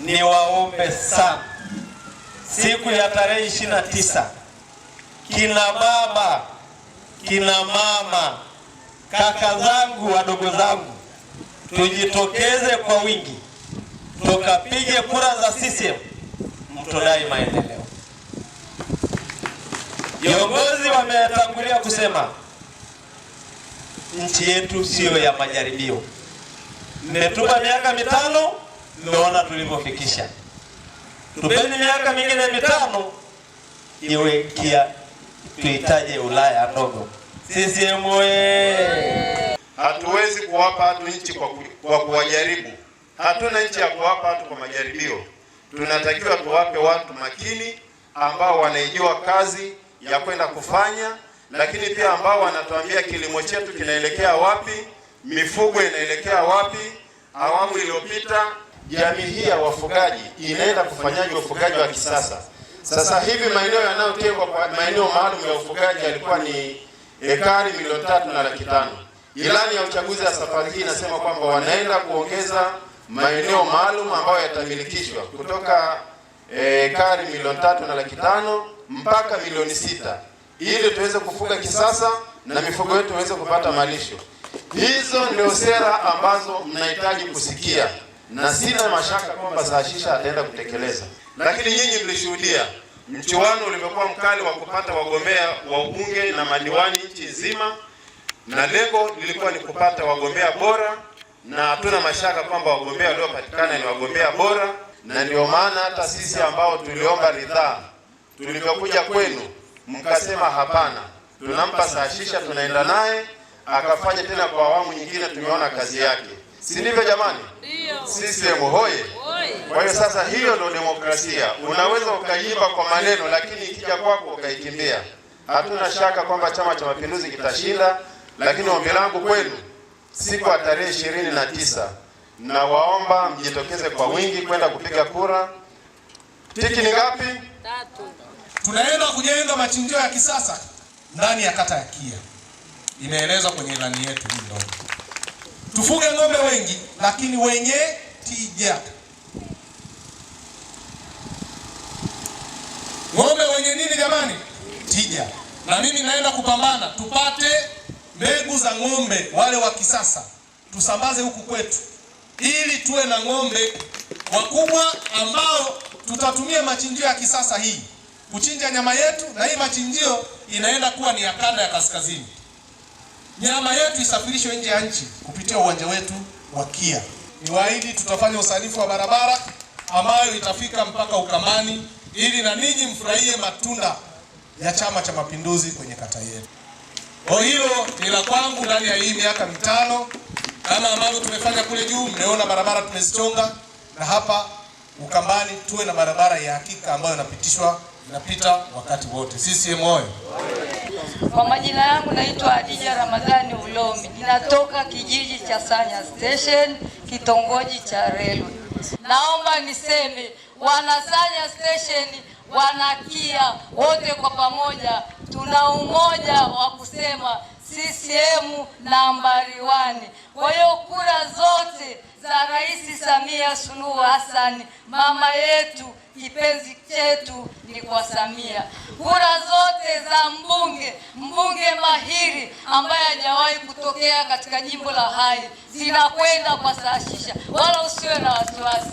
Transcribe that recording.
ni waombe sana, siku ya tarehe ishirini na tisa kina baba, kina mama, kaka zangu, wadogo zangu, tujitokeze kwa wingi, tukapige kura za CCM, mtudai maendeleo. Viongozi wametangulia kusema nchi yetu siyo ya majaribio. Mmetupa miaka mitano tumeona tulivyofikisha. Tupeni miaka mingine mitano iwe kia tuitaje Ulaya ndogo. CCM oyee! Hatuwezi kuwapa watu nchi kwa, kwa kuwajaribu. Hatuna nchi ya kuwapa watu kwa majaribio. Tunatakiwa tuwape watu makini ambao wanaijua kazi ya kwenda kufanya, lakini pia ambao wanatuambia kilimo chetu kinaelekea wapi, mifugo inaelekea wapi. Awamu iliyopita jamii hii ya wafugaji inaenda kufanyaje ufugaji wa kisasa. Sasa hivi maeneo yanayotengwa kwa maeneo maalum ya ufugaji yalikuwa ni ekari milioni tatu na laki tano. Ilani ya uchaguzi ya safari hii inasema kwamba wanaenda kuongeza maeneo maalum ambayo yatamilikishwa kutoka eh, ekari milioni tatu na laki tano mpaka milioni sita ili tuweze kufuga kisasa na mifugo yetu iweze kupata malisho. Hizo ndio sera ambazo mnahitaji kusikia na sina mashaka kwamba Saashisha ataenda kutekeleza. Lakini nyinyi mlishuhudia mchuano ulivyokuwa mkali wa kupata wagombea wa ubunge na madiwani nchi nzima, na lengo lilikuwa ni kupata wagombea bora, na hatuna mashaka kwamba wagombea waliopatikana ni wagombea bora, na ndio maana hata sisi ambao tuliomba ridhaa tulivyokuja kwenu mkasema hapana, tunampa Saashisha, tunaenda naye akafanya tena kwa awamu nyingine. Tumeona kazi yake, si ndivyo jamani? CCM hoye! Kwa hiyo sasa, hiyo ndio demokrasia. Unaweza ukaiimba kwa maneno, lakini ikija kwako ukaikimbia. Hatuna shaka kwamba Chama cha Mapinduzi kitashinda, lakini ombi langu kwenu, siku ya tarehe ishirini na tisa nawaomba mjitokeze kwa wingi kwenda kupiga kura. Tiki ni ngapi? Tatu. Tunaenda kujenga machinjio ya kisasa ndani ya kata ya Kia, imeelezwa kwenye ilani yetu hii ndogo. Tufuge ng'ombe wengi lakini wenye tija. Ng'ombe wenye nini jamani? Tija. Na mimi naenda kupambana tupate mbegu za ng'ombe wale wa kisasa, tusambaze huku kwetu, ili tuwe na ng'ombe wakubwa ambao tutatumia machinjio ya kisasa hii kuchinja nyama yetu, na hii machinjio inaenda kuwa ni ya kanda ya kaskazini nyama yetu isafirishwe nje ya nchi kupitia uwanja wetu wa KIA. Niwaahidi tutafanya usanifu wa barabara ambayo itafika mpaka Ukamani ili na ninyi mfurahie matunda ya Chama cha Mapinduzi kwenye kata yetu. Kwa hilo ni la kwangu ndani ya hii miaka mitano, kama ambavyo tumefanya kule juu, mmeona barabara tumezichonga, na hapa Ukambani tuwe na barabara ya hakika ambayo inapitishwa inapita wakati wote. CCM oyee! Kwa majina yangu naitwa Adija Ramadhani Ulomi, ninatoka kijiji cha Sanya Station, kitongoji cha Relwe. Naomba niseme wana Sanya Station, wana KIA wote kwa pamoja tuna umoja wa kusema CCM nambari wani. Kwa hiyo kura zote za Rais Samia Suluhu Hassan, mama yetu, kipenzi chetu, ni kwa Samia. Kura zote za mbunge, mbunge mahiri ambaye hajawahi kutokea katika jimbo la Hai zinakwenda kwa Saashisha, wala usiwe na wasiwasi.